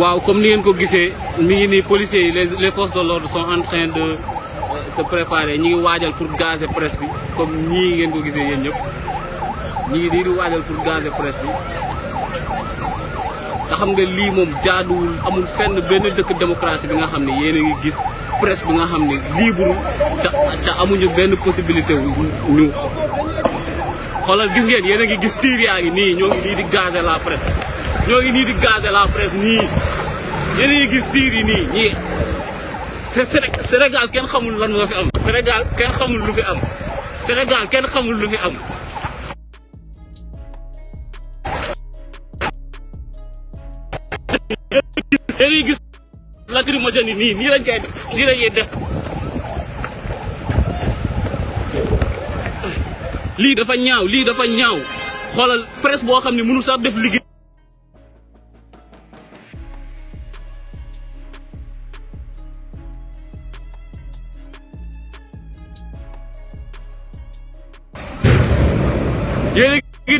waaw comme ni ngeen ko gisee les policiers les les forces de l'ordre sont en train de euh, se préparer Nous ngi pour gazer presse comme ñii ngeen ko gisee yéen ñëpp ñi ngi pour gazer presse Nous te xam nga lii moom jaaduwul amul fenn benn dëkk démocratie bi nga xam ne ngi gis presse bi nga xam ne libre te te amuñu benn possibilité ñu xoolal gis ngeen yéen ngi gis tiir yaa ngi nii ñoo ngi di gazer la presse ñoo ngi nii di gazer la presse nii yéen a gis tiir yi nii ñii Sénégal kenn xamul lan moo fi am Sénégal kenn xamul lu fi am Sénégal kenn xamul lu fi am yéen gis la gis lacrymogène yi nii nii lañ koy nii lañuy def lii dafa ñaaw lii dafa ñaaw xoolal presse boo xam ne mënu sax def liggéey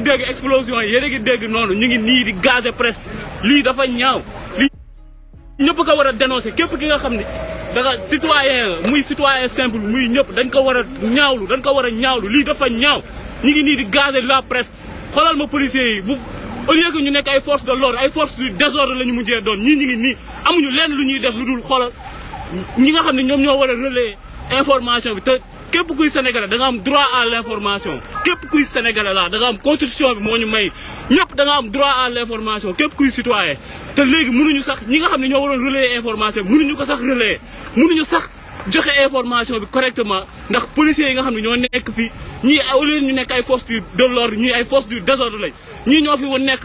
dégg explosion yi yéen a ngi dégg noonu ñu ngi nii di gaze presque lii dafa ñaaw lii ñëpp ko war a dénoncer képp ki nga xam ne é, citoyen muy citoyen simple muy ñëpp dañ ko war a ñaawlu dañ ko war a ñaawlu lii dafa ñaaw ñu ngi nii di gaze la presse xoolal ma policiers yi bu au lieu que ñu nekk ay force de l'ordre ay force du désordre la ñu mujjee doon ñii ñu ngi nii amuñu lenn lu ñuy def lu dul xoolal ñi nga xam ne ñoom ñoo war a relayer information bi te képp kuy sénégalais da am droit à l' information képp kuy sénégalais la da am constitution bi moo ñu may ñëpp da am droit à l' information képp kuy citoyen te léegi mënuñu sax ñi nga xam ne ñoo waroon relayer information bi mënuñu ko sax relayer ñu sax joxe information bi correctement ndax policiers yi nga xam ne ñoo nekk fii ñii au lieu ñu nekk ay force du de l'ordre ay force du désordre lañ ñii ñoo fi woon nekk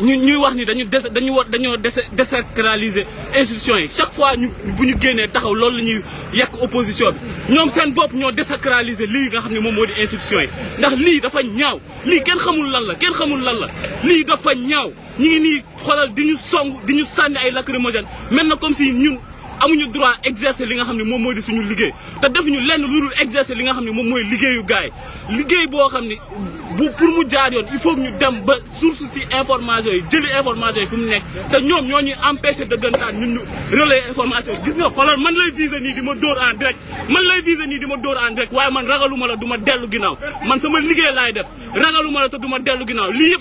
nous ñuy wax ni dañu des chaque fois que nous avons que loolu la ñuy opposition avons Nous avons dit nous avons institution yi ndax avons dafa ñaaw Nous kenn xamul lan nous avons xamul lan la avons dafa ñaaw nous ni comme si nous amuñu droit exercer li nga xam ne moom mooy di suñu liggéey te defuñu lenn lu dul exercer li nga xam ne moom mooy liggéeyu gaay liggéey boo xam ne bu pour mu jaar yoon ñu dem ba source ci information yi jëli information yi fi mu nekk te ñoom ñoo ñuy empêché dëggantaan ñun ñu relais information gis nga xoolal man lay viser nii di ma dóor en direct man lay viser nii di ma dóor en direct waaye man ragaluma la du ma dellu ginnaaw man sama liggéey laay def ragaluma la te du ma dellu ginnaaw lii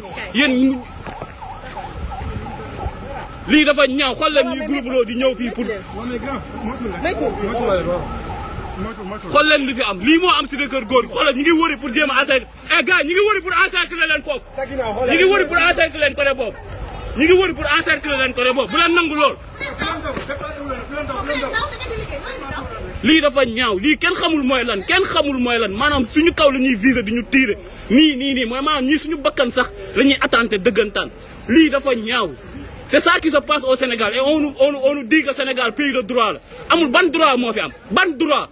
jógee yéen lii dafa ñaaw xool leen ñuy groupe loo di ñëw fii pour xool leen li fi am lii moo am si kër góor xoolal ñu ngi wëri pour jéem a encercler eh gars ñu ngi wëri pour encercler leen foofu ñu ngi wëri pour encercler leen côté boobu ñu ngi wëri pour encercler leen côté boobu bu leen nangu lool lii dafa ñaaw lii kenn xamul mooy lan kenn xamul mooy lan maanaam suñu kaw la ñuy visé du ñu tiire nii nii nii mooy maanaam ñii suñu bakkan sax la ñuy attenter dëggantaan lii dafa ñaaw c'est ça qui sa passe au Sénégal et on nous on nous Sénégal pays de droit la amul ban droit moo fi am ban droit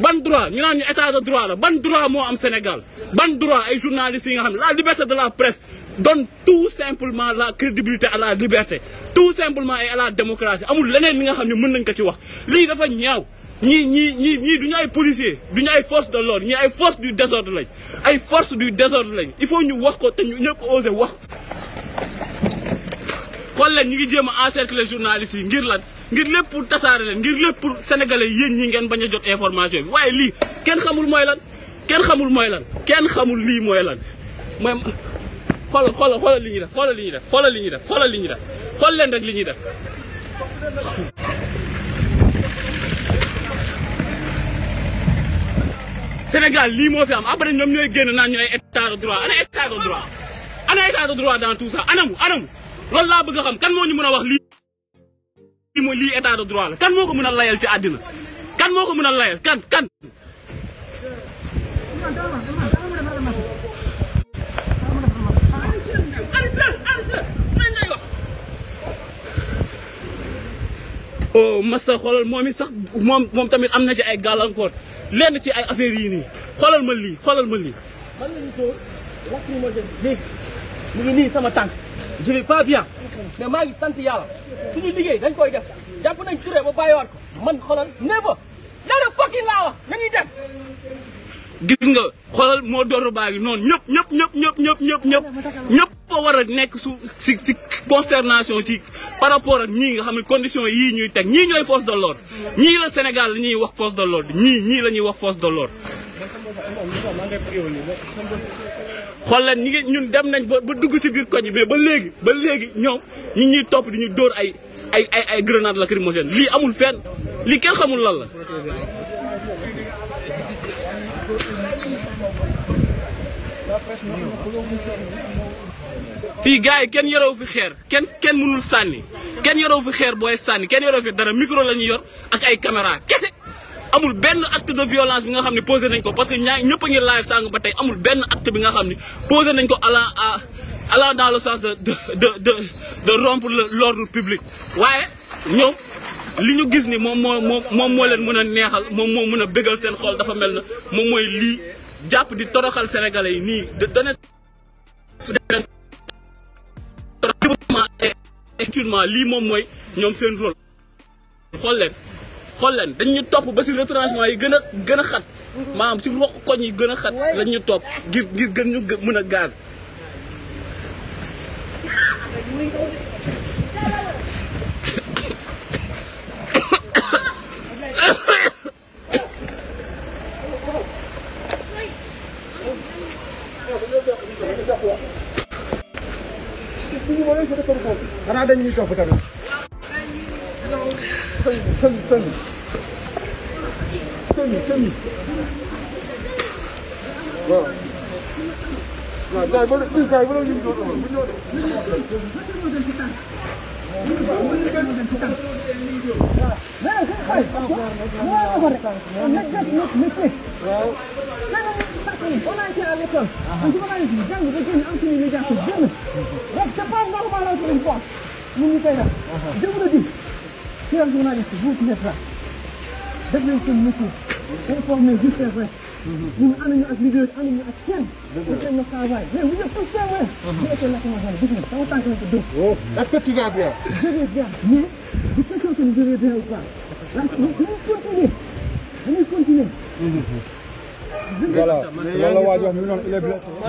ban droit ñu naan ñu état de droit la ban droit moo am Sénégal ban droit ay journalistes yi nga xam ne la liberté de la presse donne tout simplement la crédibilité à la liberté tout simplement et à la démocratie amul leneen li nga xam ne mën nañ ko ci wax lii dafa ñaaw ñii ñii ñii ñii du ay policiers du ñu ay force de l'ordre ñi ay force du désordre lañ ay force du désordre lañ il faut ñu wax ko te ñu ñëpp oser wax xool leen ñu ngi jéem a encercler journalistes yi ngir lan ngir lépp pour tasaare leen ngir lépp ñi ngeen bañ a jot information waaye lii kenn xamul mooy lan kenn xamul mooy lan kenn xamul lii mooy lan mooy xoolal xoolal li ñuy def xoolal li ñuy def xoolal li ñuy def xoolal li ñuy def xool leen rek li ñuy def Sénégal lii moo fi am après ñoom ñooy génn naa ñu ay état de droit ana état de droit ana état de droit dans tout ça lol la bëgg xam kan moo ñu mën wax li li mooy li état de droit kan moko mëna layal ci àddina kan moko mëna layal kan kan. oh massa xoolal moom it sax mom mom tamit amna ci ay gàllankoor lenn ci ay affaire yi ni xolal ma li xolal ma li man lañu ko wax ni mo jël ni ni sama tank je vais pas bien mais maa ngi sant yàlla ñu liggéey dañ koy def jàpp nañ Touré ba bàyyiwaat ko man xoolal never never fucking laa wax nañuy dem gis nga xoolal moo dooru baa ngi noonu ñëpp ñëpp ñëpp ñëpp ñëpp ñëpp ñëpp ñëpp a war a nekk su si si consternation ci par rapport ak ñii nga xam ne condition yii ñuy teg ñii ñooy force de l'ordre ñii la Sénégal la ñuy wax force de l'ordre ñii ñii la ñuy wax force de l'ordre xoolal ni ñun dem nañ ba dugg ci bir koñ bi ba légui ba léegi ñoom ñi ñuy top di ñu door ay ay ay ay grenade lacrymogène li amul fenn li kenn xamul lan la fi gaay kenn yorewu fi xeer kenn kenn mënul sanni kenn yorewu fi xeer boy sanni kenn yorewu fi dara micro lañu yor ak ay caméra kessé amul benn acte de violence bi nga xam ne posé nañ ko parce que ñaa ñëpp a ngi live sàng ba tey amul benn acte bi nga xam ne posé nañ ko ala ala dans le sens de de de de rompre public waaye ñoom li ñu gis ni moom moo moom moo leen mën a neexal moom moo mën a bégal seen xool dafa mel na moom mooy lii jàpp di toroxal sénégalais yi nii de donné lii moom mooy ñoom seen rôle xool leen xol dan dañ top ba ci retranchement yi gëna gëna xat mhm. maam ci rokk koñ yi gëna xat lañ top ngir ngir gën ñu mëna gaz tenue, tenue. Tenue, tenue. waaw. waaw gars yi ba léegi gars yi ba léegi ñu ngi doon amal bu ñu doon. waaw. waaw. waaw. chers journalistes, vous qui êtes là, déglu seen métier. informé juste et vrai. Mhm. ñun ànd ñu ak liggéey ànd ñu ak kenn. dëgg la ñu travail mais bu ñu ko teewee. bu nekkee la commencé dëgg la sama tànk lañ ko dóor. oh est-ce que tu vas bien. je vais bien mais du question que ñu devez bien ou pas. donc dañuy continuer dañuy continuer. Mhm. voilà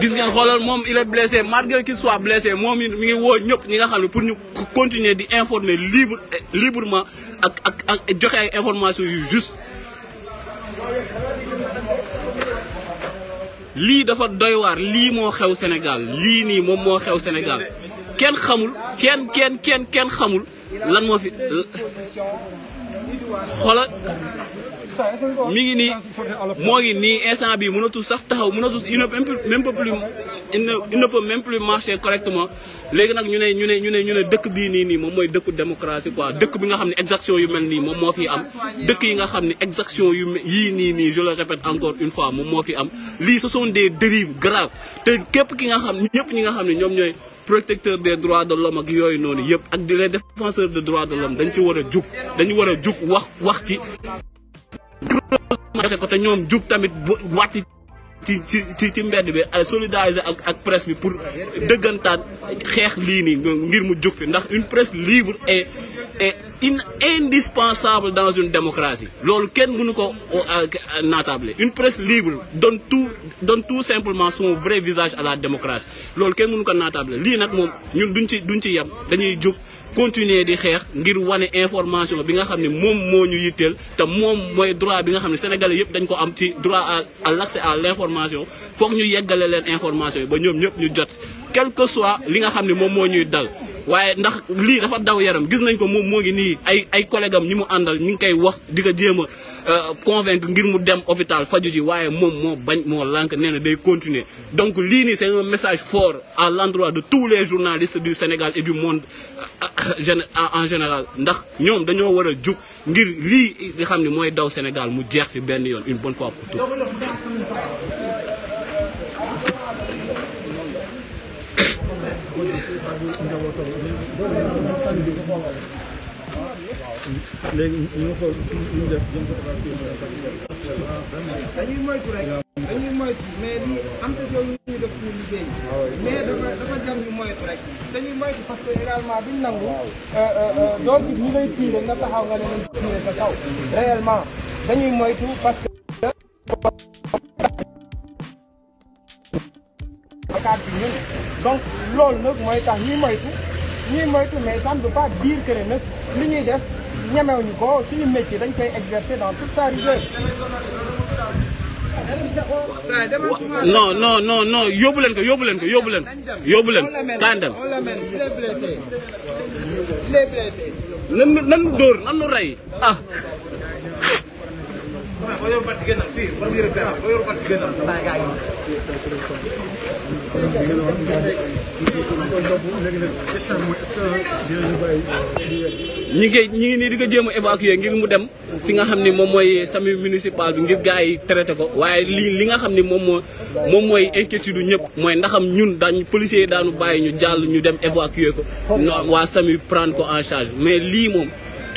gis ngeen xoolal moom il est blessé malgré qu'il soit blessé moom mi ngi woo ñëpp ñi nga xam ne pour ñu continuer di informer libre librement ak ak ak joxe ay information yu juste. lii dafa doy waar lii moo xew Sénégal lii nii moom moo xew Sénégal kenn xamul kenn kenn kenn kenn xamul lan moo fi xoolal. mi ni, nii ni, ngi nii instant bi mënatul sax taxaw mënatul il ne peut même plus il ne peut même plus marcher correctement léegi nag ñu ne ñu ne ñu ne ñu ne dëkk bii nii nii moom mooy dëkku démocratie quoi dëkk bi nga xam ne exaction yu mel nii moom moo fi am dëkk yi nga xam exaction yu yii nii nii je le répète encore une fois moom moo fi am lii ce sont des dérives graves te képp ki nga xam ñëpp ñi nga xam ne ñoom protecteur des droits de l'homme ak yooyu noonu yëpp ak les défenseurs des droits de l'homme dañ ci war a jug dañu war a jug wax wax ci grossement ko te ñoom jug tamit wàcc ci ci ci ci mbedd bi euh, solidariser ak ak presse bi pour dëggantaan xeex lii nii ngir mu jug fi ndax une presse libre et est in indispensable dans une démocratie loolu kenn mënu ko euh, une presse libre donne tout donne tout simplement son vrai visage à la démocratie loolu kenn mënu ko naatable lii nag moom ñun duñ ci duñ ci yam dañuy juk continuer di xeex ngir wane information bi nga xam mom moom moo ñu yitteel te mom moy droit bi nga xam sénégalais yépp dañ ko am ci droit à l'accès à l'information faut ñu yeggale leen information yi ba ñom ñëpp ñu jot quel que soit li nga xam mom moom ñuy dal waaye ndax lii dafa daw yaram gis nañ ko moom moo ngi nii ay ay collègues am ñi mu àndal ñu ngi koy wax di ko jéem a euh, convaincre ngir mu dem hôpital faju ji waaye moom moo bañ moo lànk nee na day continuer donc lii nii c'est un message fort à l'endroit de tous les journalistes du Sénégal et du monde euh, en général ndax ñoom dañoo war a jug ngir lii li xam ne mooy daw Sénégal mu jeex fi benn yoon une bonne fois pour tout léegi ñu ngi xool ñu def jëm ko dañuy moytu rek dañuy moytu mais di empêché wu ñu def suñu liggéey mais dafa dafa jar ñu moytu rek dañuy moytu parce que également biñ nangu doo gis ñu lay tiire nga taxaw nga ne nañ tiire sa kaw réellement dañuy moytu parce que ka binin donc loolu nag mooy tax ñuy moytu ñuy moytu mais ça ne veut pas dire que nag li ñuy def ñemewuñu ko suñu métier dañ koy exercer dans toute sa rigueur. non non non non yóbbu leen ko yóbbu leen ko yóbbu leen yóbbu leen kaan dem nan nan dóor nan nu ray ah. ñi ngi ñi ngi nii di ko jéem a évacuer ngir mu dem fi nga xam ni moom mooy sami municipal bi ngir gars yi traité ko waaye li li nga xam ni moom moo moom mooy inquiétude ñëpp mooy ndaxam ñun dañ policiers yi daanu bàyyi ñu jàll ñu dem évacuer ko waa sami prendre ko en charge mais lii moom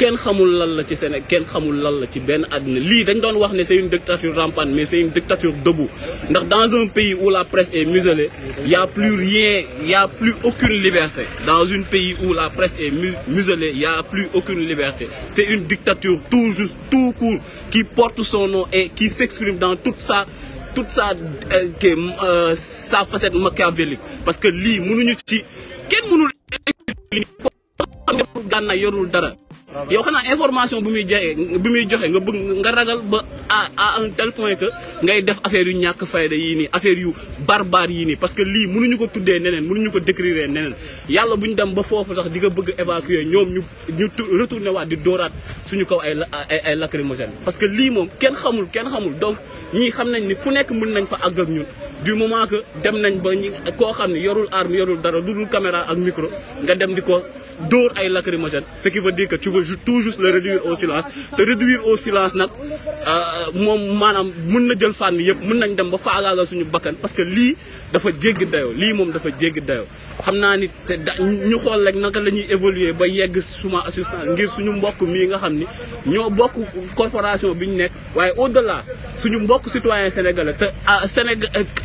kenn xamul lan la ci Sénégal kenn xamul lan la ci benn àdduna lii dañ doon wax ne c'est une dictature rampante mais c'est une dictature debout ndax dans un pays où la presse est muselée y a plus rien y a plus aucune liberté dans un pays où la presse est muselée y a plus aucune liberté c'est une dictature tout juste tout court qui porte son nom et qui s'exprime dans toute sa toute sa euh, euh sa facette machiavélique parce que lii munuñu ci kenn mënul gànna yorul dara yow xanaa information bu muy joxe bi muy joxe nga bëgg nga ragal ba à à un tel point que ngay def affaire yu ñàkk fayda yii nii affaire yu barbare yii nii parce que lii mënuñu ko tuddee neneen mënuñu ko décrire neneen yàlla bu ñu dem ba foofu sax di nga bëgg évacuer ñoom ñu ñu retourné waat di dooraat suñu kaw ay ay ay lacrymogène parce que lii moom kenn xamul kenn xamul donc ñii xam nañ ni fu nekk mun nañ fa àgg ak ñun du moment que dem nañ ba ñi koo xam ne yorul arme yorul dara du dul caméra ak micro nga dem di ko dóor ay lacrymogène ce qui veut dire que tu veux tout juste le réduire au silence te réduire au silence nag euh, moom maanaam mun na jël fànn yëpp mun nañ dem ba faagaagal suñu bakkan parce que lii dafa jéggi dayoo lii moom dafa jéggi dayo xam naa ni te da ñu xool rek naka la ñuy évoluer ba yegg suma assistance ngir suñu mbokk mii nga xam ni ñoo bokk corporation bi ñu nekk waaye au delà suñu mbokk citoyen sénégalais te ah, Sénégal